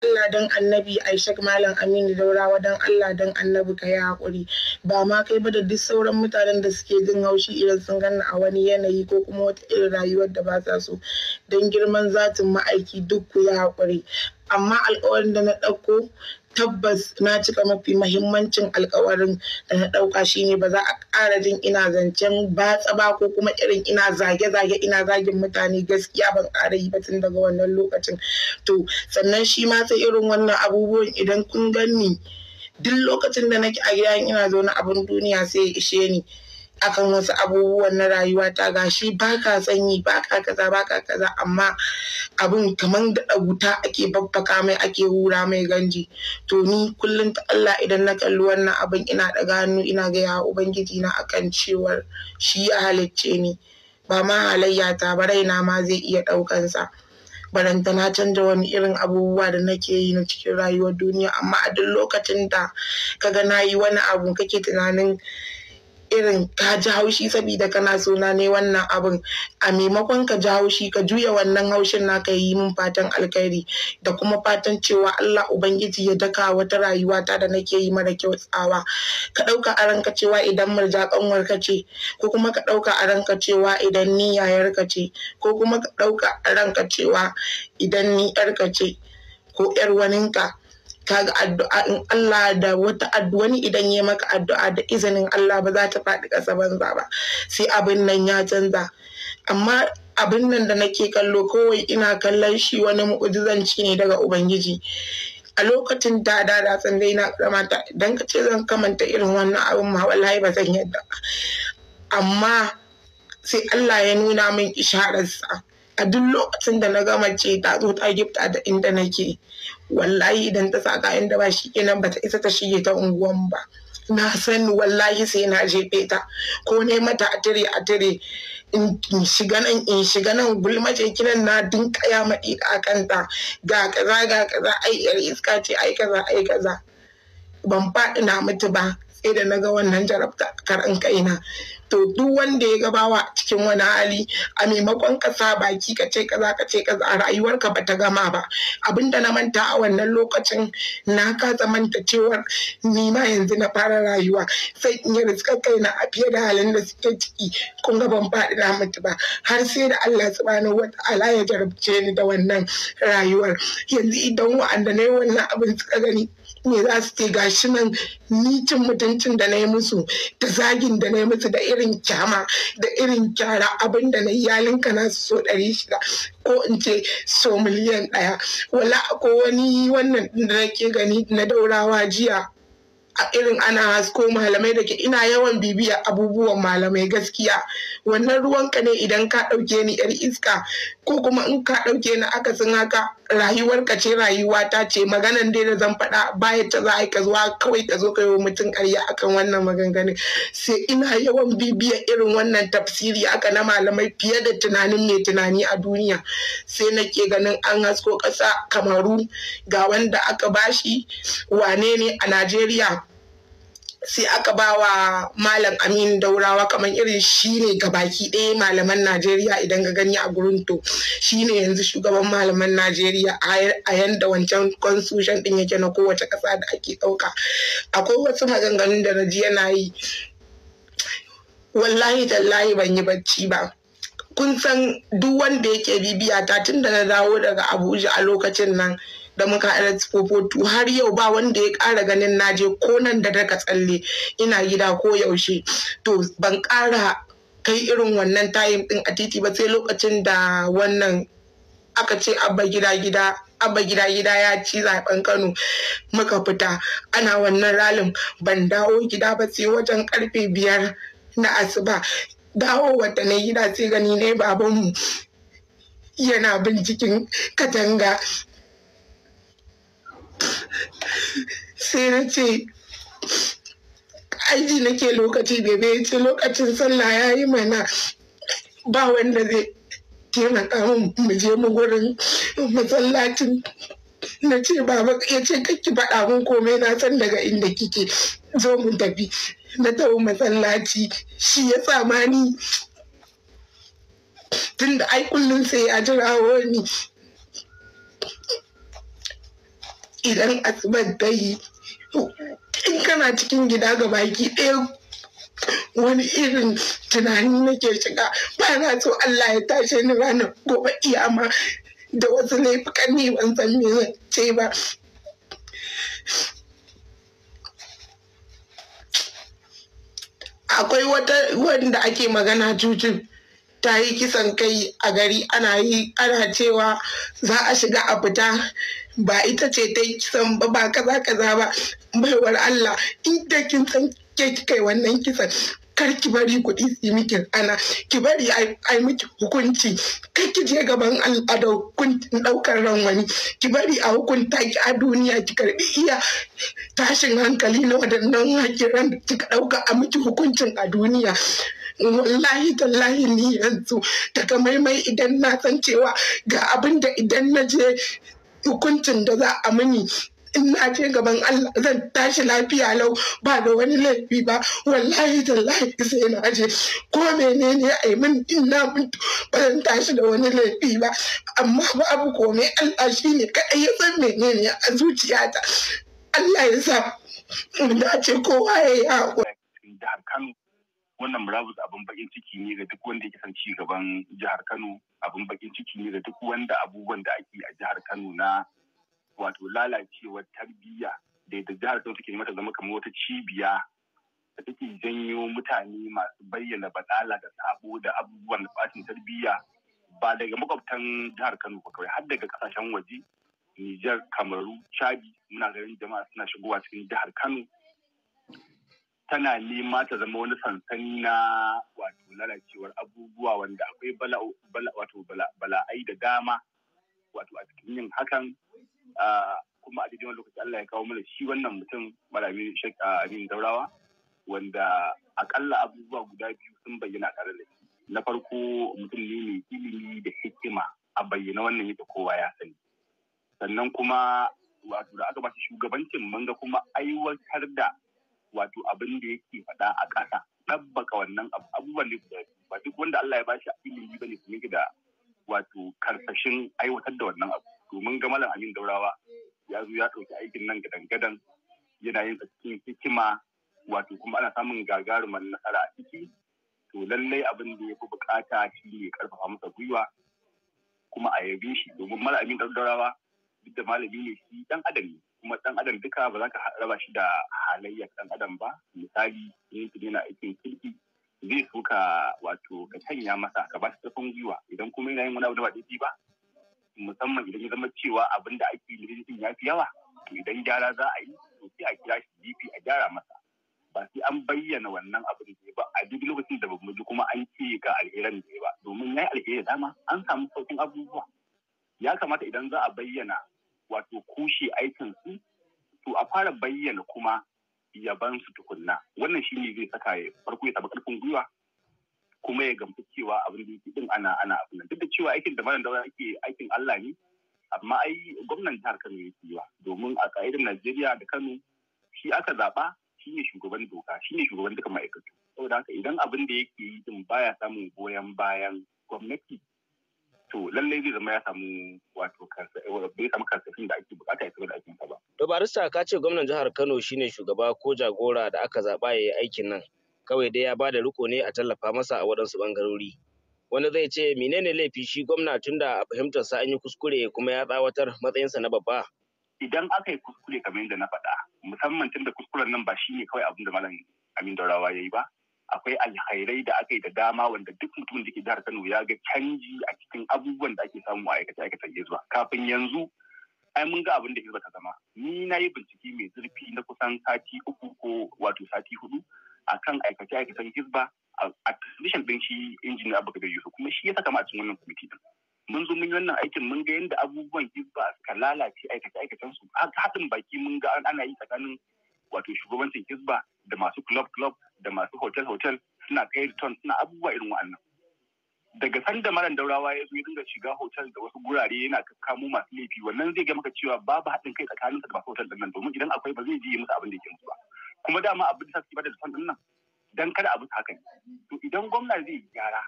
Allah dan annabi Aishak Malam Aminu Daurawa dan Allah dan annabi ka yi haƙuri ba ma kai ba da duk sauran mutanen da suke jin haushi idan sun gana a wani yanayi ko kuma wata irin rayuwar da ba sa so don girman zatin ma'aiki duk ku yi haƙuri amma alƙawarin da na ɗauko tabbas na cika mafi mahimmancin alkawarin da na ɗauka shine ba za a ƙara jin ina zancen batsa ba ko kuma irin ina zage-zage ina zagin mutane gaskiya ban ƙara yi batun daga wannan lokacin to sannan shi ma sai irin wannan abubuwan idan kun ganni duk lokacin da nake a gida ina zaune abin duniya sai ya ishe ni akan wasu abubuwan na rayuwa ta gashi ba ka sanyi ba ka kaza ba ka kaza amma abin kamar da wuta ake babbaka mai ake hura mai ganji to ni kullum ta Allah idan na kalli wannan abin ina da hannu ina gaya ubangiji na akan cewar shi ya halicce ni ba ma halayya ta ba raina ma zai iya sa baranta na canza wani irin abubuwa da nake yi na cikin rayuwar duniya amma a duk lokacin da kaga na yi wani abu kake tunanin irin ka ji haushi saboda kana so na ne wannan abin a maimakon ka ji haushi ka juya wannan haushin na ka yi min fatan alkhairi da kuma fatan cewa Allah ubangiji ya daka wata rayuwa ta da nake yi mara kyau tsawa ka dauka a ranka cewa idan murja kanwar ka ce ko kuma ka dauka a ranka cewa idan ni yayar ka ce ko kuma ka dauka a ranka cewa idan ni yar ka ce ko yar waninka kaga addu'a in Allah da wata wani idan ya maka addu'a da izinin Allah ba za ta faɗi ƙasa banza ba sai abin nan ya canza amma abin nan da nake kallo kawai ina kallon shi wani mu'ujizanci ne daga ubangiji a lokacin da da da san dai na kamata idan ka ce zan kamanta irin wannan abin ma wallahi ba zan yadda amma sai Allah ya nuna min ishararsa a duk lokacin da na gama ce ta zo ta gifta da inda nake wallahi idan ta sa kayan da ba shi kenan ta isa ta shige ta unguwan ba na san wallahi sai na jefe ta ko ne mata a tire a tire in shiga nan in shiga nan gulma ce kiran na dinka ya maɗi a kanta ga kaza ga kaza ai yar iska ce ai kaza ai kaza ban faɗi na mutu ba sai da na ga wannan jarabta karan kaina to duk wanda ya gabawa cikin wani hali a maimakon ka baki ka ce kaza ka ce kaza a rayuwarka ba ta gama ba Abin da na manta a wannan lokacin na kasa manta cewar ni ma yanzu na fara rayuwa sai in yi kai kaina a fiye da halin da suke ciki kun ga ban faɗi na mutu ba har sai da Allah subhanahu wa Ta'ala ya jarabce ni da wannan rayuwar yanzu idan wa'anda na yi wannan abin suka gani ne za su ce gashi nan ni cin mutuncin da na yi musu da zagin da na yi musu da irin kyama da irin kyara abin da na yi ka na so ɗari shida ko in ce so miliyan ɗaya wala ko wani wannan da ke gani na daurawa jiya A irin ana hasko malamai da ke ina yawan bibiya abubuwan malamai gaskiya wannan ruwanka ne idan ka ɗauke ni yar iska ko kuma in ka ɗauke ni aka akasin haka rayuwarka ce rayuwa ta ce maganan dai da zan faɗa baya ta za a yi ka zuwa kawai ka zo ka yi mutum ƙarya akan wannan maganganun sai ina yawan bibiya irin wannan tafsiri aka na malamai fiye da tunanin mai tunani a duniya sai nake ganin an hasko ƙasa kamaru ga wanda aka bashi wane ne a najeriya sai aka ba wa malam amin daurawa kamar irin shi ne baki ɗaya malaman najeriya idan ga gani a gurin to shi ne yanzu shugaban malaman najeriya a yanda wancan constitution ɗin yake na kowace ƙasa da ake ɗauka akwai wasu maganganun da na ji yana yi wallahi tallahi ban yi bacci ba kun san duk wanda yake bibiya ta tun da na dawo daga abuja a lokacin nan da muka makaɗar 442 har yau ba wanda ya ƙara ganin naje ko nan da daga tsalle ina gida ko yaushe to ban ƙara kai irin wannan tayin ɗin a titi ba sai lokacin da wannan aka ce abba gida gida abba gida gida ya ci zaben kano muka fita ana wannan ralin ban dawo gida ba sai wajen karfe biyar na asuba dawo wata na gida sai gani ne babanmu yana binciken katanga sai na ce aji nake lokaci bebe ya ce lokacin sallah ya yi mana ba wanda zai taimaka min mu je mu gurin masallacin na ce baba ya ce kakki faɗa mun komai na san daga inda kike zo mu tafi na tafi masallaci shi ya sama ni tun da ai kullum sai a jira ni idan asubar ta yi in kana cikin gida ga baki ɗaya wani irin tunani nake shiga ba na so Allah ya tashe ni ranar gobe iyama da wasu laifukan ne ban san me ce ba akwai wata wanda ake magana jujin ta yi kisan kai a gari ana cewa za a shiga a fita ba ita ce ta yi kisan ba ba kaza kaza ba baiwar Allah in da kin san ke kika wannan kisan kar ki bari kuɗi su miki ana ki bari yi miki hukunci kai ki je gaban Allah da ɗaukar ran wani ki bari a hukunta ki a duniya ki karɓi iya tashin hankali na waɗannan hakiran da kika ɗauka a miki hukuncin a duniya wallahi tallahi ni yanzu daga maimai idan na san cewa ga abin da idan na je hukuncin da za a mini in na je gaban Allah zan tashi lafiya lau ba da wani laifi ba wallahi da tallahi sai na je ko menene yi min in na mutu ba zan tashi da wani laifi ba amma babu komai Allah shi shine kaɗai ya san menene a zuciyata Allah ya sa mu dace kowa ya yi haƙuri. wannan murabus abin bakin ciki ne ga duk wanda ya san ci gaban jihar Kano abin bakin ciki ne ga duk wanda abubuwan da ake a jihar Kano na wato lalacewar tarbiyya da yadda jihar Kano take mata zama kamar wata cibiya da take janyo mutane masu bayyana batsala da sabo da abubuwan fatin tarbiyya ba daga makwabtan jihar Kano ba kawai har daga kasashen waje Nijar, Kamaru, Chadi muna ganin jama'a suna shigowa cikin jihar Kano tana nema ta zama wani sansani na wato lalacewar abubuwa wanda akwai wato bala'ai da dama wato a cikin yin hakan ah, kuma a cikin wani lokaci Allah ya kawo mana shi wannan mutum malami Sheikh ah, Amin Daurawa wanda akalla abubuwa guda biyu sun bayyana tare da shi na farko mutum ne mai ilimi da hikima a bayyana wannan yadda kowa ya sani sannan kuma wato da aka ba shi shugabancin mun kuma aiwatar da wato abin da yake faɗa a ƙasa tabbaka wannan abubuwan da ba duk wanda Allah ya bashi ilimi bane kuma da wato karkashin aiwatar da wannan abu domin ga malam Amin Daurawa ya zo ya ɗauki aikin nan gadan-gadan yana yin cikin hikima wato kuma ana samun gagarumar nasara a ciki to lallai abin da ya fi bukata shi ne karfafa masa gwiwa kuma a yabe shi domin malamin daurawa duk da malami ne shi dan adam ne kuma dan adam duka ba za ka raba shi da halayyar dan adam ba misali ne yana aikin kirki zai so ka wato ka canya masa ka ba shi karfin gwiwa idan kuma yana yin wani abu da ba daidai ba musamman idan ya zama cewa abin da ake yi ya fi yawa idan gyara za a yi to sai a kira shi DP a gyara masa ba sai an bayyana wannan abin da ba a duk lokacin da bamu ji kuma an ce ga alheran da ba domin ya yi alheri dama an samu saukin abubuwa ya kamata idan za a bayyana wato kushe aikin su to a fara bayyana kuma yaban su tukunna wannan shi ne zai saka ya farko ya samu karfin gwiwa kuma ya gamsu cewa abin da yake din ana ana abin duk da cewa aikin da malam daura yake aikin Allah ne amma ai gwamnan jihar Kano yake yi domin a ka'idar Najeriya da Kano shi aka zaba shi ne shugaban doka shi ne shugaban duka ma'aikatu saboda haka idan abin da yake yi din baya samun goyon bayan gwamnati to lallai zai zama ya samu wato kansa eh, bai samu kansafin da ake bukata ya da aikinsa ba. To barista ka ce gwamnan jihar Kano shine shugaba ko jagora da aka zaɓa ya yi aikin nan kawai dai ya bada riko ne a tallafa masa a wadansu bangarori Wani zai ce menene laifi shi gwamna tunda a fahimtarsa an yi kuskure kuma ya tsawatar matsayinsa na babba. Idan aka yi kuskure kamar yadda na faɗa musamman tunda kuskuren nan ba shi ne kawai abin da malam Amin Daurawa ya yi ba akwai alkhairai da aka yi da dama wanda duk mutumin da ke jihar Kano ya ga canji a cikin abubuwan da ake samu a aikace aikacen zuwa kafin yanzu ai mun ga abin da Hizba ta zama ni na yi bincike mai zurfi na kusan sati uku ko wato sati hudu akan aikace aikacen gizba. a tradition din shi injiniya Abubakar Yusuf kuma shi ya saka ma cikin wannan kwamiti din mun zo mun yi wannan aikin mun ga yadda abubuwan Hizba suka lalace aikace aikacen su haɗin baki mun ga ana yi tsakanin wato shugabancin Hizba da masu club club da masu hotel-hotel suna kai ton suna abubuwa irin wa'annan. Daga sanda maran daurawa ya zo ya dinga shiga hotel da wasu gurare yana kamo masu laifi wannan zai ga maka cewa babu haɗin kai tsakaninsa da masu hotel ɗin nan domin idan akwai ba zai je musu abin da ke musu ba. Kuma dama abin da suke bada da son nan dan kada abu haka ne. To idan gwamna zai gyara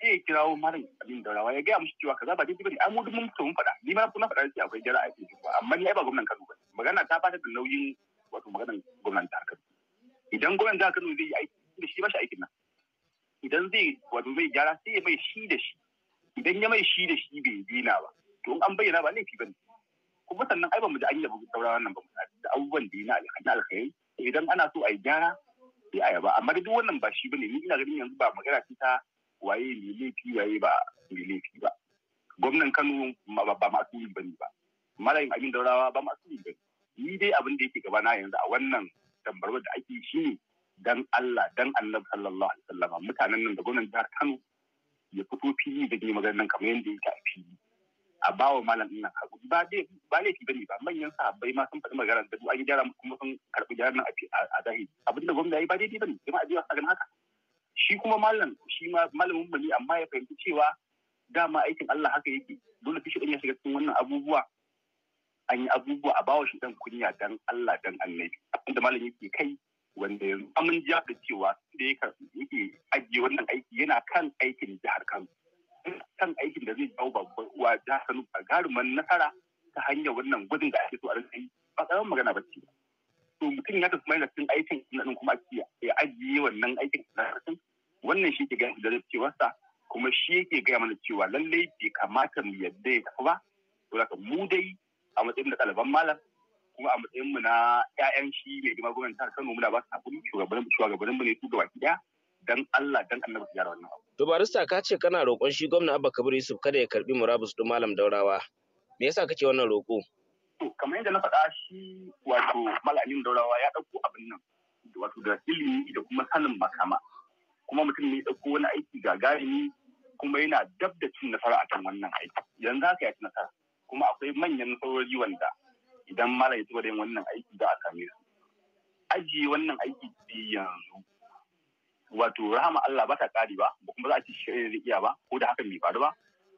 sai ya kirawo maran abin daurawa ya gaya musu cewa kaza ba daidai bane an mu mun mun faɗa ni ma kuma faɗa sai akwai gyara a cikin amma ni ai ba gwamnan Kano ba magana ta fata da nauyin wato maganar gwamnan ta Kano. idan gwamnati za ka zai yi aiki da shi ba shi aikin nan idan zai wato mai gyara sai ya mai shi da shi idan ya mai shi da shi bai dina ba to in an bayyana ba laifi ba ne kuma sannan ai ba mu da an yaba sauraron nan ba mu da abubuwan da yana na alkhairi idan ana so a yi gyara sai a yaba amma duk wannan ba shi bane ni ina ganin yanzu ba magana ce ta waye ne laifi waye ba ne laifi ba gwamnan Kano ba masu bane ba malayin abin daurawa ba masu bane ni dai abin da yake gabana yanzu a wannan barbar da ake shi ne dan Allah dan Annabi sallallahu alaihi wasallam mutanen nan da gwamnatin jihar Kano ya fito fili da ni magana nan kamar yadda yake a fili a bawa malam din nan hagu ba dai ba laifi bane ba manyan sahabbai ma sun faɗi magana da an gyara musu kuma sun karɓi gyaran nan a zahiri abinda gwamnati yayi ba daidai bane kuma a jiya ganin haka shi kuma malam shi ma malamin mu amma ya fahimci cewa dama aikin Allah haka yake dole kishi din ya shiga cikin wannan abubuwa an yi abubuwa a bawa shi dan kunya dan Allah dan annabi abinda malam yake kai wanda yanzu amin ji da cewa da yake ajiye wannan aiki yana kan aikin jihar Kano kan aikin da zai jawo babban uwa jihar Kano gagarumin nasara ta hanyar wannan gudun da ake so a rinka yi ba karamin magana ba ce to mutum ya tafi mai da cikin aikin nan kuma ya ajiye wannan aikin da wannan shi ke gani da sa kuma shi yake gaya mana cewa lallai bai kamata mu yadda ya tafi ba to mu dai a matsayin da ɗaliban malam kuma a matsayin mu na ƴaƴan shi mai girma gwamnati ta Kano muna ba su hakuri shugabannin shugabannin mu ne su gaba ɗaya dan Allah dan Annabi su gyara wannan abu. To barista ka ce kana roƙon shi gwamna Abba Kabir Yusuf kada ya karbi murabus din malam Daurawa. Me yasa kake wannan roƙo? To kamar yadda na faɗa shi wato malamin Daurawa ya ɗauko abin nan wato da ilimi da kuma sanin makama. Kuma mutum ne ya ɗauko wani aiki gagarumi kuma yana dab da cin nasara a kan wannan aiki. Yanzu haka ya ci nasara. kuma akwai manyan nasarori wanda idan Mara ya da wannan aiki za a same su ajiye wannan aiki yanzu wato rahama Allah ba ta kari ba ba kuma za a ci shirin rikiya ba ko da hakan bai faru ba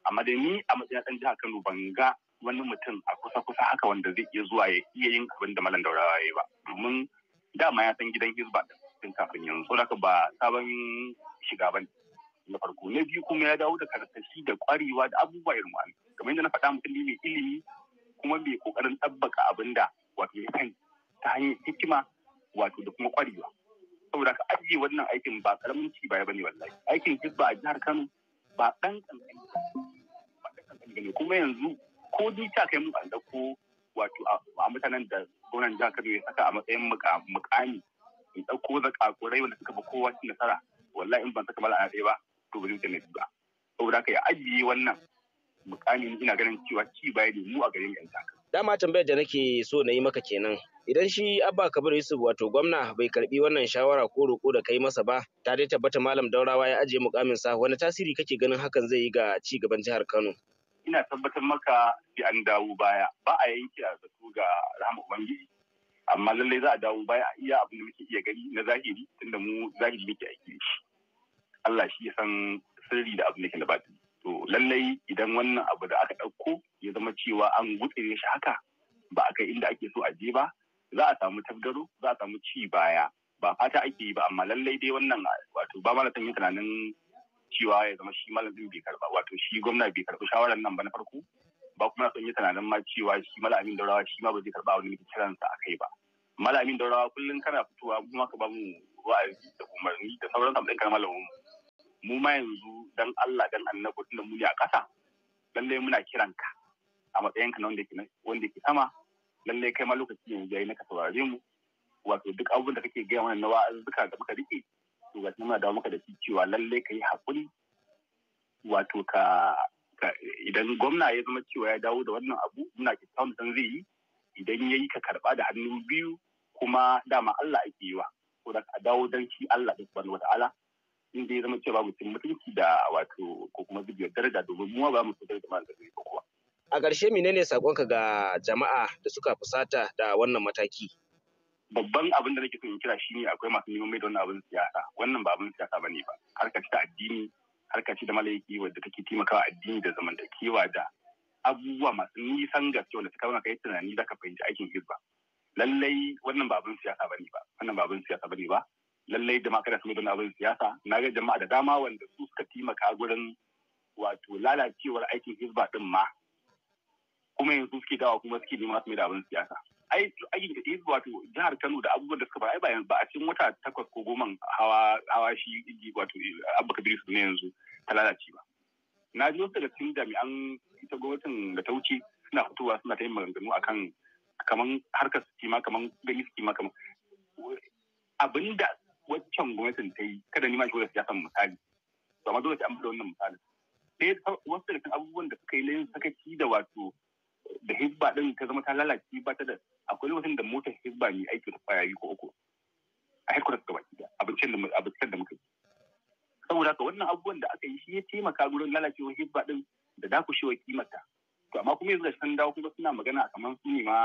amma da ni a matsayin ɗan jihar Kano ban ga wani mutum a kusa kusa haka wanda zai iya zuwa ya iya yin abin da malam daurawa ya ba domin dama ya san gidan hizba tun kafin yanzu saboda ba sabon shiga ba ne. na farko na biyu kuma ya dawo da karsashi da kwarewa da abubuwa irin wani. kamar yadda na faɗa mutum ne mai ilimi kuma mai kokarin ɗabbaka abin da wato ya sani ta hanyar hikima wato da kuma ƙwarewa saboda ka ajiye wannan aikin ba karamin ci baya bane wallahi aikin Jibba a jihar Kano ba ɗan kankani ba ɗan kankani ne kuma yanzu ko ni ta kai mu an ko wato a mutanen da gwamnan jihar Kano ya saka a matsayin mukami in ɗauko zakakurai wanda suka fi kowa cin nasara wallahi in ban saka mala a ɗaya ba to ba zai ta ba saboda ka ya ajiye wannan mukamin ina ganin cewa ci baya ne mu a garin yan taka. Dama tambayar da nake so na yi maka kenan. Idan shi Abba Kabir Yusuf wato gwamna bai karbi wannan shawara ko roƙo da kai masa ba, ta dai tabbata Malam Daurawa ya ajiye mukamin sa wani tasiri kake ganin hakan zai yi ga ci gaban jihar Kano? Ina tabbatar maka sai an dawo baya, ba a yanke a zato ga rahama Ubangiji. Amma lallai za a dawo baya a iya abin da muke iya gani na zahiri tunda mu zahiri muke aiki Allah shi ya san sirri da abin da ke da to lallai idan wannan abu da aka ɗauko ya zama cewa an gutsire shi haka ba a kai inda ake so a je ba za a samu tasgaro za a samu ci baya ba fata ake yi ba amma lallai dai wannan wato ba mana yi tunanin cewa ya zama shi malam din bai karba wato shi gwamna bai karbi shawarar nan ba na farko ba kuma na yi tunanin ma cewa shi malam amin daurawa shi ma ba zai karba wani mutum kiransa a kai ba malam amin daurawa kullum kana fitowa kuma ka ba mu wa'azi da umarni da sauran samun ɗan karamar mu mu ma yanzu dan Allah dan annabi tunda mu ne a ƙasa lallai muna kiran ka a matsayin ka wanda ke wanda ke sama lallai kai ma lokaci ne yayi na ka saurare mu wato duk abubuwan da kake gaya mana na wa'azuka da muka rike to ga muna dawo maka da shi cewa lalle kai hakuri wato ka idan gwamna ya zama cewa ya dawo da wannan abu muna kyakkyawan san zai yi idan ya yi ka karba da hannu biyu kuma dama Allah ake yi wa ko da a dawo dan shi Allah subhanahu wata'ala in dai zama cewa mutum mutunci da wato ko kuma zubiyar daraja domin mu ba mu fitar da malami ko kuwa. A ƙarshe menene sakonka ga jama'a da suka fusata da wannan mataki? Babban abin da nake so in kira ne akwai masu neman mai da wannan abin siyasa wannan ba abin siyasa bane ba harka ta addini harka ce da malayaki wadda take taimakawa addini da zamantakewa da abubuwa masu nisan gaske wanda suka kai tunani ka fahimci aikin hizba lallai wannan ba abin siyasa bane ba wannan ba abin siyasa bane ba lallai da kada su na abin siyasa na ga jama'a da dama wanda su suka taimaka gurin wato lalacewar aikin hizba din ma kuma yanzu suke dawa kuma suke nema su mai da abin siyasa ai aikin hizba wato jihar Kano da abubuwan da suka fara ai ba ba a cikin wata takwas ko goma hawa hawa shi wato Abba Kabir su ne yanzu ta lalace ba na ji wasu daga cikin jami'an ita gwamnatin da ta wuce suna fitowa suna ta yin maganganu akan kaman harkar su ma kaman gani su ma kaman abinda waccan gwamnatin ta yi kada ni ma ya san misali to amma dole sai an bada wannan misalin sai wasu daga abubuwan da suka yi layin sakaci da wato da hizba din ta zama ta lalace ba ta da akwai lokacin da motar hizba ne aiki da kwayayi ko uku a headquarters gaba ki abincin da abincin da muka yi saboda ka wannan abubuwan da aka yi shi ya taimaka gurin lalacewar hizba din da dakushewa kimarta to amma kuma yanzu da shan dawo kuma suna magana a kamar su ne ma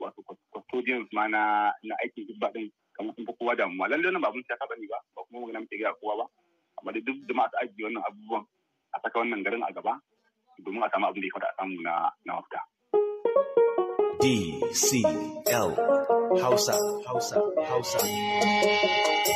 wato custodians ma na aikin hizba din kamar sun fi kowa damuwa lallai ne ba abin siyasa bane ba ba kuma magana muke gaya kowa ba amma da duk masu ajiye wannan abubuwan a saka wannan garin a gaba domin a samu abin da ya kwata a samu na na mafita. DCL Hausa Hausa Hausa.